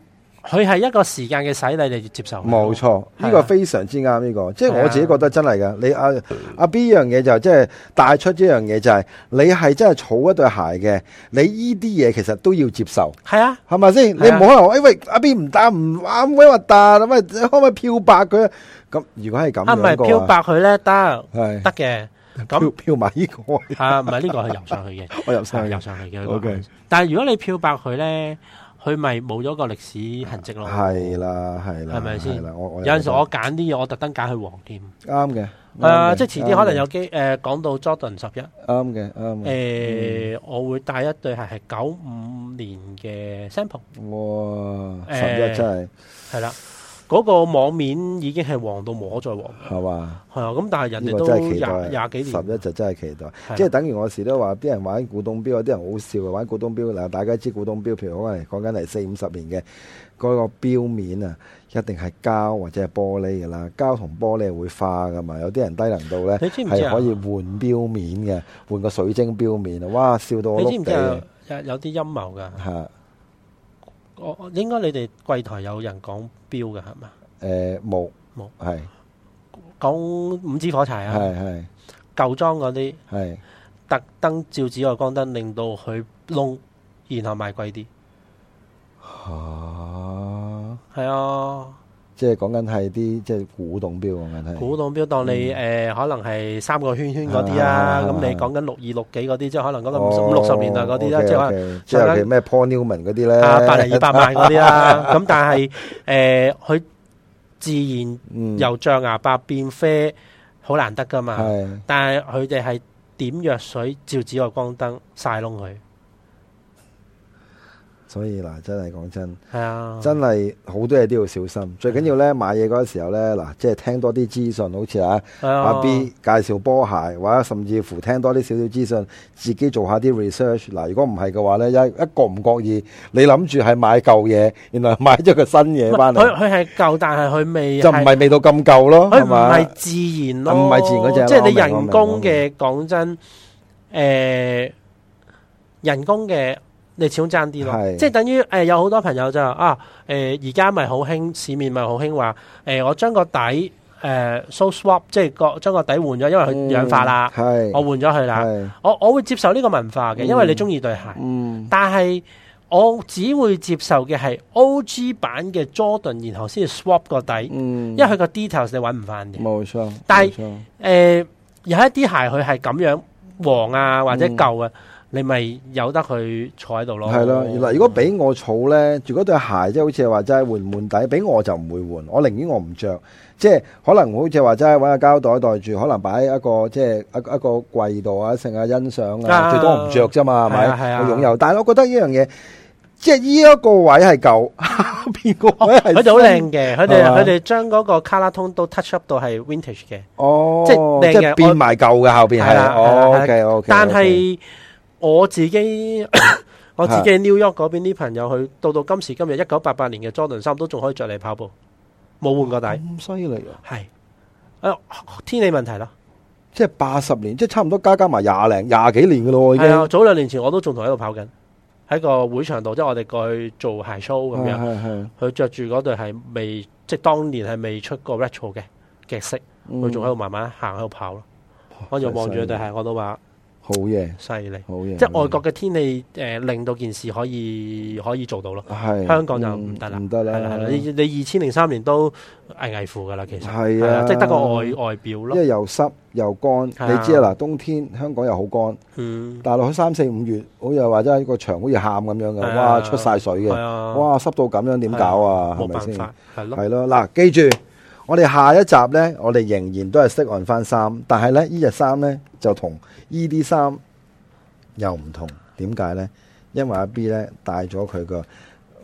佢係一個時間嘅洗禮，你要接受，冇錯，呢個非常之啱呢個，即係我自己覺得真係噶，你阿阿 B 呢樣嘢就即係帶出呢樣嘢就係你係真係儲一對鞋嘅，你呢啲嘢其實都要接受，係啊，係咪先？你唔可能，哎喂，阿 B 唔打唔啱，威話打咁可唔可以漂白佢？咁如果係咁，啊咪漂白佢咧得，係得嘅，咁漂埋呢個吓，唔係呢個係油上去嘅，我油上，油上去嘅，OK。但係如果你漂白佢咧。佢咪冇咗個歷史痕跡咯，係啦係啦，係咪先？係啦，我我有陣時我揀啲嘢，我特登揀去黃店。啱嘅，啊。即係遲啲可能有機誒，講到 Jordan 十一，啱嘅，啱。誒、呃，嗯、我會帶一對係係九五年嘅 sample。哇！十一、呃、真係係啦。嗰個網面已經係黃到冇可再黃，係嘛吧？係啊，咁但係人哋都期待。廿幾年，十一就真係期待，的即係等於我時都話，啲人玩古董表，的有啲人好笑嘅玩古董表。嗱，大家知古董表，譬如我講嚟講緊係四五十年嘅，嗰、那個錶面啊，一定係膠或者係玻璃㗎啦，膠同玻璃會化㗎嘛。有啲人低能到咧係可以換錶面嘅，換個水晶錶面啊！哇，笑到我碌地，你知唔知有啲陰謀㗎。我我應該你哋櫃台有人講標嘅係咪？誒冇冇係講五支火柴啊！係係是舊裝嗰啲係特登照紫外光燈，令到佢窿，然後賣貴啲。哦蛤，係啊！即係講緊係啲即係古董表嘅問題，古董表當你誒可能係三個圈圈嗰啲啊，咁你講緊六二六幾嗰啲，即係可能嗰個五五六十年代嗰啲啦，即係可能，即係譬如咩 Paul Newman 嗰啲咧，啊百零二百萬嗰啲啦，咁但係誒佢自然由象牙白變啡，好難得噶嘛，但係佢哋係點藥水，照紫外光燈曬窿佢。所以嗱，真係講真，啊、真係好多嘢都要小心。啊、最緊要呢，買嘢嗰個時候呢，嗱，即係聽多啲資訊，好似啊阿 B 介紹波鞋，或者甚至乎聽多啲少少資訊，自己做下啲 research。嗱，如果唔係嘅話呢，一一覺唔覺意，你諗住係買舊嘢，原來買咗個新嘢翻嚟。佢佢係舊，但係佢未就唔係未到咁舊咯，係嘛？唔係自然咯，唔係吧自然嗰隻，即係你人工嘅。講真，誒、呃，人工嘅。你始終爭啲咯，是即係等於、呃、有好多朋友就話啊，而家咪好興，市面咪好興話我將個底、呃、sole swap，即係個將個底換咗，因為佢氧化啦，嗯、我換咗佢啦，是我我會接受呢個文化嘅，嗯、因為你中意對鞋，嗯、但係我只會接受嘅係 OG 版嘅 Jordan，然後先至 swap 個底，嗯、因為佢個 detail 你揾唔翻嘅，冇錯。但係誒錯、呃、有一啲鞋佢係咁樣黃啊或者舊啊。嗯你咪有得佢坐喺度咯？係咯，嗱，如果俾我儲咧，住嗰對鞋即係好似係話真係換唔換底，俾我就唔會換。我寧願我唔着，即係可能好似話真係揾個膠袋袋住，可能擺一個即係一一個櫃度啊，成日欣賞啊，最多唔着啫嘛，係咪的？係啊，係啊，我擁有。但係我覺得呢樣嘢，即係呢一個位係舊，邊吧個位係？佢哋好靚嘅，佢哋佢哋將嗰個 color tone 都 touch up 到係 vintage 嘅，哦、即係靚嘅，即係變埋舊嘅後邊係啦，OK OK，但係。我自己 我自己 New York 嗰邊啲朋友去到的到今時今日，一九八八年嘅 Jordan 三都仲可以着嚟跑步，冇換過底。咁犀利啊！係啊，天氣問題咯。即係八十年，即係差唔多加加埋廿零廿幾年嘅咯，已經。係啊，早兩年前我都仲同喺度跑緊，喺個會場度，即係我哋過去做鞋 show 咁樣。佢着住嗰對係未，即係當年係未出過 retro 嘅色，佢仲喺度慢慢行喺度跑咯。我仲望住佢對鞋，的我都話。好嘢，犀利！好嘢，即係外國嘅天氣，誒，令到件事可以可以做到咯。係香港就唔得啦，唔得啦，係你你二千零三年都危危乎噶啦，其實係啊，即係得個外外表咯。因為又濕又乾，你知啦，冬天香港又好乾，嗯，但落去三四五月，好又或者係個牆好似喊咁樣噶，哇，出晒水嘅，哇，濕到咁樣，點搞啊？係咪先？係咯，係咯，嗱，記住。我哋下一集呢，我哋仍然都係識換翻衫，但係呢，呢件衫呢，就同呢啲衫又唔同，點解呢？因為阿 B 呢，帶咗佢個，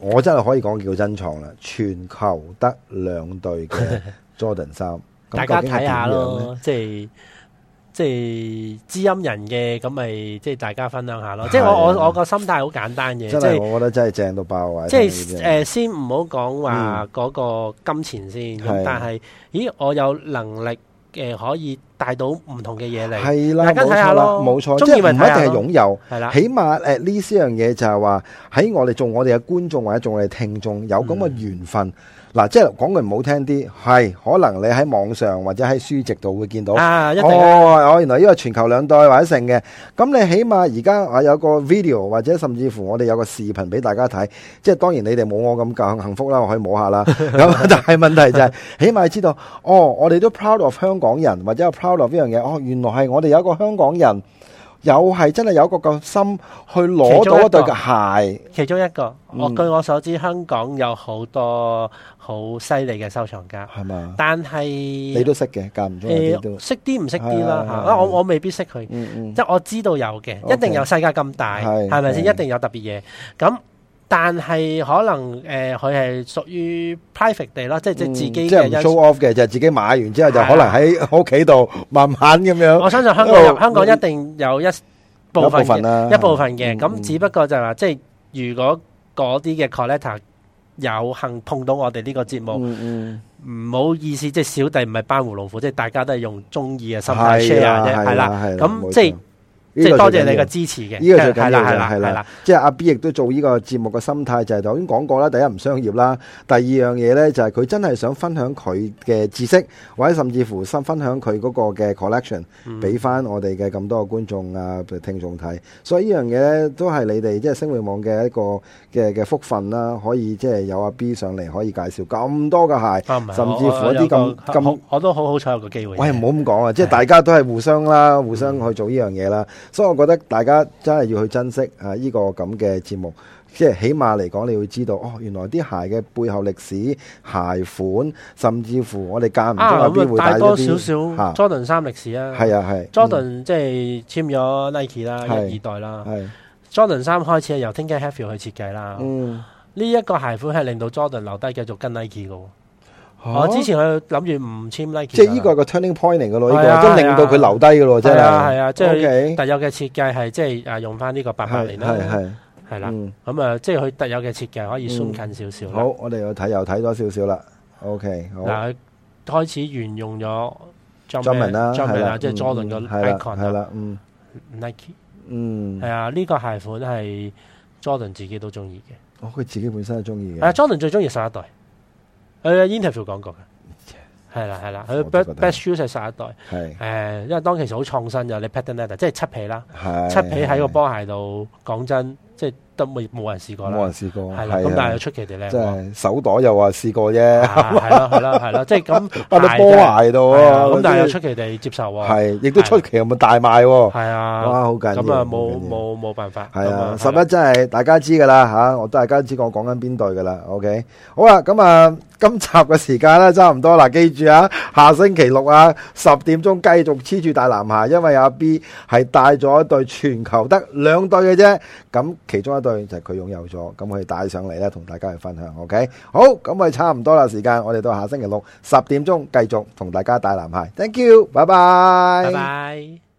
我真係可以講叫珍藏啦，全球得兩對嘅 Jordan 三， 大家睇下咯，即係。即係知音人嘅，咁咪即係大家分享下咯。即係我我我個心態好簡單嘅。真係的，即是我覺得真係正到爆位，啊。即係是、呃、先唔好講話嗰個金錢先，但係，咦，我有能力可以。帶到唔同嘅嘢嚟，係啦，冇錯啦，冇錯，即係唔一定係擁有，係啦，起碼誒呢四樣嘢就係話喺我哋做我哋嘅觀眾或者做我哋聽眾有咁嘅緣分。嗱，即係講句唔好聽啲，係可能你喺網上或者喺書籍度會見到啊，一定啊，哦，原來因為全球兩代或者成嘅，咁你起碼而家我有個 video 或者甚至乎我哋有個視頻俾大家睇，即係當然你哋冇我咁咁幸福啦，我可以摸下啦。咁但係問題就係起碼知道，哦，我哋都 proud of 香港人或者 proud。交流呢樣嘢，哦，原來係我哋有一個香港人，又係真係有一個咁心去攞到一對鞋。其中一個，我據我所知，香港有好多好犀利嘅收藏家，係嘛？但係你都識嘅，間唔中識啲唔識啲啦吓。啊，我我未必識佢，嗯嗯，即係我知道有嘅，一定有世界咁大，係咪先？一定有特別嘢咁。但係可能誒，佢係屬於 private 地啦，即係即係自己嘅 show off 嘅，就自己買完之後就可能喺屋企度慢慢咁樣。我相信香港有香港一定有一部分嘅一部分嘅，咁只不過就係話，即係如果嗰啲嘅 collector 有幸碰到我哋呢個節目，唔好意思，即係小弟唔係班門弄斧，即係大家都係用鍾意嘅心態 share 啫，係啦，咁即係。即係多謝你嘅支持嘅，呢個最緊要嘅係啦係啦係啦。即係阿 B 亦都做呢個節目嘅心態就係頭先講過啦，第一唔商業啦，第二樣嘢咧就係佢真係想分享佢嘅知識，或者甚至乎想分享佢嗰個嘅 collection，俾翻我哋嘅咁多嘅觀眾啊、嗯、聽眾睇。所以呢樣嘢咧都係你哋即係星匯網嘅一個嘅嘅福分啦，可以即係有阿 B 上嚟可以介紹咁多嘅鞋，啊、甚至乎一啲咁咁。我都好好彩有個機會。喂，唔好咁講啊，即係大家都係互相啦，的互相去做呢樣嘢啦。所以，我覺得大家真係要去珍惜啊！依、這個咁嘅節目，即係起碼嚟講，你會知道哦，原來啲鞋嘅背後歷史、鞋款，甚至乎我哋間唔中會帶、啊嗯、帶多少少 Jordan 三歷史啦。係啊係，Jordan 即係簽咗 Nike 啦，第二代啦。Jordan 三開始係由 Tinker Hatfield 去設計啦。嗯，呢一個鞋款係令到 Jordan 留低繼續跟 Nike 嘅、啊。我之前佢諗住唔簽 Nike，即係呢個係個 turning point 噶咯，呢個都令到佢留低嘅咯，真係。係啊，即係，但係有嘅設計係即係誒用翻呢個八十年啦。係係係啦，咁啊，即係佢特有嘅設計可以鬆近少少，好，我哋又睇又睇多少少啦。OK，嗱，開始沿用咗 Jordan 啦，Jordan 即係 Jordan 個 icon 係啦，嗯，Nike，嗯，係啊，呢個鞋款係 Jordan 自己都中意嘅。佢自己本身係中意嘅。啊，Jordan 最中意十一代。佢嘅 interview 講過嘅，係啦，係啦，佢 best shoes 係十一代的、呃，因為當其時好創新，你 patent leather 即係漆皮啦，漆皮喺個波鞋度講的真，都冇人試過啦，冇人試過，係啦。咁但係又出奇地靚喎，即係手袋又話試過啫，係啦，係啦，係啦。即係咁，包括波鞋度，咁但係又出奇地接受啊，係，亦都出奇咁大賣喎，係啊，哇，好緊要，咁啊冇冇冇辦法，係啊，十一真係大家知噶啦嚇，我都係今日知我講緊邊對噶啦，OK，好啦，咁啊，今集嘅時間咧差唔多啦，記住啊，下星期六啊十點鐘繼續黐住大籃鞋，因為阿 B 係帶咗一對全球得兩對嘅啫，咁其中一。對，就係佢擁有咗，咁佢帶上嚟咧，同大家去分享。OK，好，咁我哋差唔多啦，時間我哋到下星期六，十點鐘繼續同大家大籃鞋。Thank you，拜拜。拜拜。